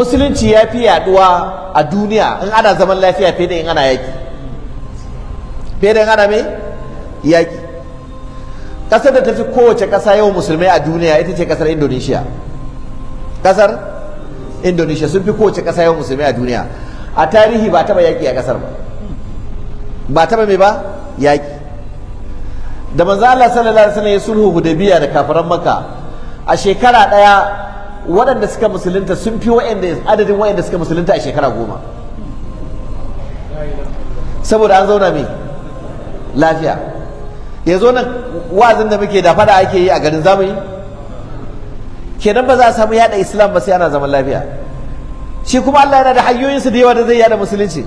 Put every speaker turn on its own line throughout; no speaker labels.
musulunci ya fi yaduwa a duniya in ana zaman lafiya fiye da in ana yaki fiye da in ana mai yaki kasar da fi kowace kasa yawan musulmai a duniya ita ce kasar indonesia kasar indonesia sun fi kowace kasa yawan musulmai a duniya a tarihi ba taba yaki a kasar ba ba taba mai ba yaki da manzo Allah sallallahu alaihi wasallam ya sulhu hudabiya da kafiran makka a shekara ɗaya. waɗanda suka musulunta sun fi waɗanda adadin waɗanda suka musulunta a shekara goma saboda an zauna mai lafiya ya zo nan wazin da muke da fada ake yi a garin zamani kenan ba za a samu yada islam ba sai ana zaman lafiya shi kuma Allah yana da hanyoyinsu da yawa da zai yada musulunci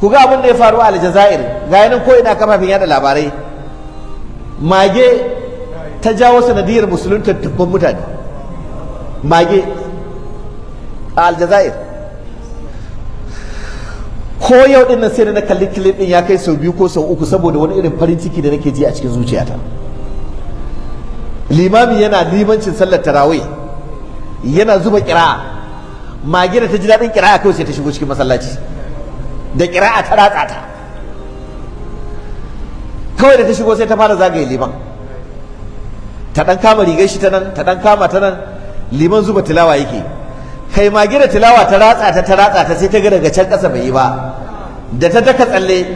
ku ga abin da ya faru a Aljazair ga yanin ko ina kafafin yada labarai mage ta jawo sanadiyar musulunta dubban mutane mage a aljazair ko yau din nan sai na kalli clip din ya kai sau biyu ko sau uku saboda wani irin farin ciki da nake ji a cikin zuciyata limami yana limancin sallar tarawih yana zuba kira mage da ta ji daɗin kira'a kai sai ta shigo cikin masallaci da kira ta ratsa ta kawai da ta shigo sai ta fara zagaye liman ta dan kama rigar shi ta nan ta dan kama ta nan liman zuba tilawa yake kai mage da tilawa ta ratsa ta ta ratsa ta sai ta ga daga can ƙasa bai yi ba da ta daka tsalle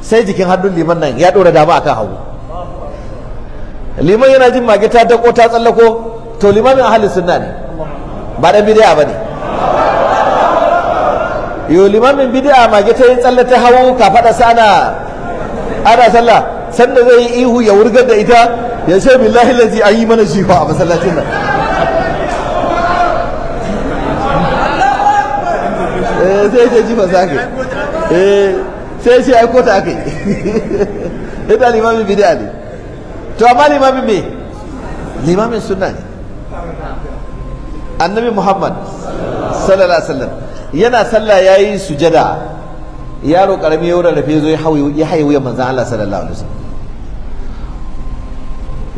sai jikin hannun liman nan ya ɗora dama akan hagu liman yana jin mage ta dako ta tsallako to limamin ahalin sunna ne ba ɗan bidiya ba ne yo limamin bidiya mage ta yi tsalle ta hawo faɗa sana ana sallah sanda zai yi ihu ya wurgar da ita ya ce billahi lazi an yi mana shi fa a masallacin nan eh sai ce jifa sa kai eh, sai ce ai kota kai ita limamin bid'a ne to amma limamin me limamin suna ne annabi muhammad sallallahu alaihi wasallam yana sallah ya yayi sujada yaro karami ya rarrafe zo ya hawi ya hayi wuyan manzon Allah sallallahu alaihi wasallam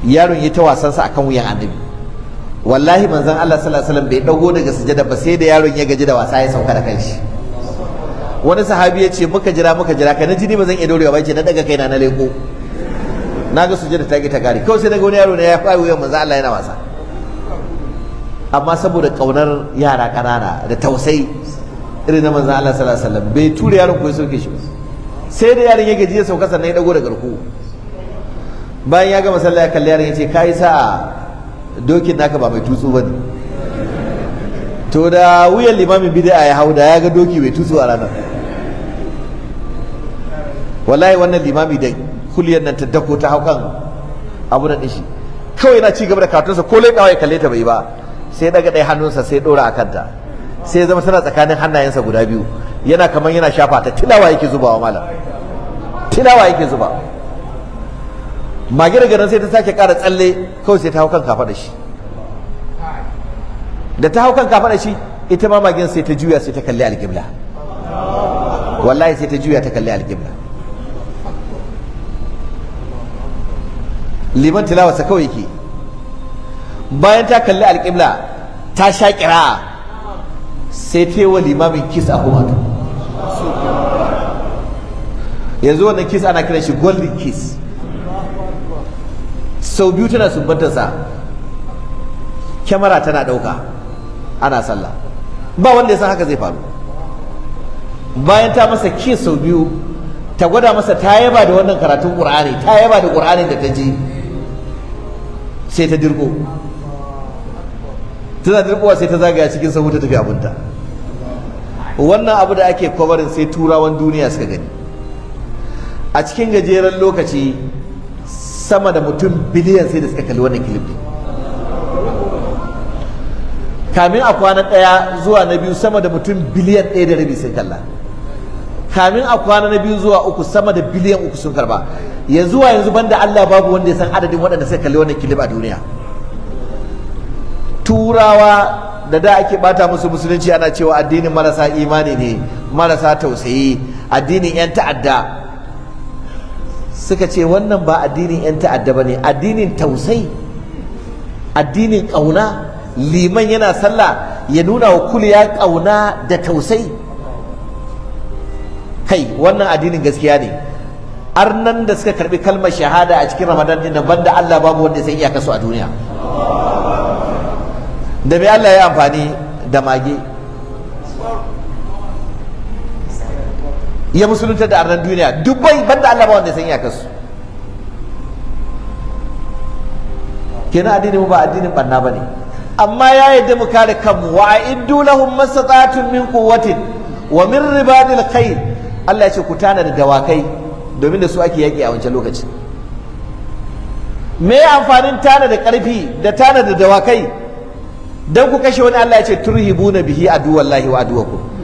yaron ya ta wasan sa akan wuyan annabi wallahi manzon Allah sallallahu alaihi wasallam bai dago daga sujada ba sai da yaron ya gaji da wasa ya sauka da kanshi wani sahabi ya ce muka jira muka jira kai na jini ba zan iya dorewa ba ce na daga kaina na leko na ga sujada ta ta gari. kawai sai daga wani yaro ne ya fara wuyan manzon Allah yana wasa amma saboda kaunar yara kanana da tausayi irin na manzon Allah sallallahu alaihi wasallam bai tura yaron ko ya sauke shi sai da yaron ya gaji ya sauka sannan ya dago daga garku bayan ya gama sallah ya kalli yaron ya ce kai sa'a dokin naka ba mai tutsu ba ne to da wuyan limamin bid'a ya hau da ya ga doki mai tutsu a ranar wallahi wannan limami da kuliyar nan ta dako ta hau kan abu da shi kawai yana ci gaba da katunsa ko lai ya kalle ta bai ba sai daga ɗaya hannunsa sai ɗora a kanta sai zama tana tsakanin hannayensa guda biyu yana kamar yana shafa ta tilawa yake zubawa malam tilawa yake zubawa mage daga nan sai ta sake kara tsalle kawai sai ta hau kan kafaɗa shi da ta hau kan kafaɗa shi ita ma magen sai ta juya sai ta kalli alƙibla wallahi sai ta juya ta kalli alƙibla liman tilawarsa kawai yake bayan ta kalli alƙibla ta sha ƙira sai ta yi wa limamin kis a kuma yanzu wannan kis ana kiran shi golden kiss sau biyu tana sumbantarsa kyamara tana ɗauka ana sallah ba wanda ya san haka zai faru bayan ta masa ke sau biyu ta gwada masa ta yaba da wannan karatun ƙur'ani ta yaba da ƙur'ani da ta je sai ta dirko tana dirkowa sai ta zagaya cikin sahu ta tafi abunta wannan abu da ake kwabarin sai turawan duniya suka gani a cikin gajeren lokaci sama da mutum biliyan sai da suka kalli wannan clip kamin a kwana ɗaya zuwa na biyu sama da mutum biliyan ɗaya da rabi sun kalla kamin a kwana na biyu zuwa uku sama da biliyan uku sun karba yanzu wa yanzu banda Allah babu wanda ya san adadin waɗanda suka kalli wannan kilib a duniya turawa da da ake bata musu musulunci ana cewa addinin marasa imani ne marasa tausayi addinin yan ta'adda suka ce wannan ba addinin 'yan ta'adda ba ne addinin tausai addinin ƙauna liman yana sallah ya nuna wa kuliya ƙauna da tausai kai wannan addinin gaskiya ne arnan da suka karbi kalmar shahada a cikin ramadan din ban da Allah babu wanda sai iyaka a duniya da bai Allah ya amfani da mage ya musulunta da arnan duniya duk ban banda Allah ba wanda ya san iyakarsu kenan addinin mu ba addinin banna bane amma ya yadda mu kare kanmu wa a'iddu lahum mastata'atun min quwwatin wa min ribadil khayr Allah ya ce ku tana da dawakai domin da su ake yaki a wancan lokacin me amfanin tana da karfi da tana da dawakai dan ku kashe wani Allah ya ce turhibuna bihi aduwallahi wa aduwakum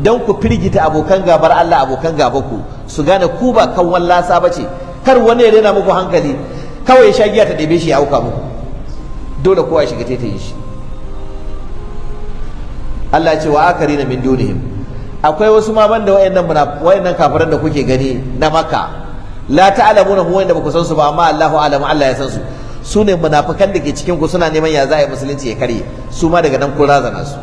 don ku firgita abokan gabar Allah abokan gabanku su gane ku ba kan wallasa ba ce kar wani ya rena muku hankali kawai ya sha giya ta ɗebe shi ya auka muku dole kowa ya shiga ta yi shi Allah ce wa akari na min dunihim akwai wasu ma banda wayannan wayannan kafiran da kuke gani na Makka la ta'lamuna huwa inda baku san su ba amma Allahu alamu Allah ya san su su ne munafikan da ke cikin ku suna neman ya za'a musulunci ya karye su ma daga nan kun razana su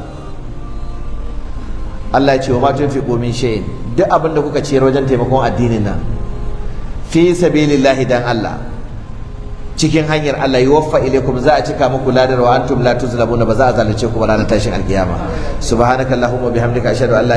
Allah ya ce wa ma fi komin shay'in duk abin da kuka ciyar wajen taimakon addinin nan fi sabilillahi dan Allah cikin hanyar Allah yuwaffa ilaikum za a cika muku ladar wa antum la tuzlamuna ba za a zalunce ku ba ranar tashin alkiyama subhanakallahumma bihamdika ashhadu an la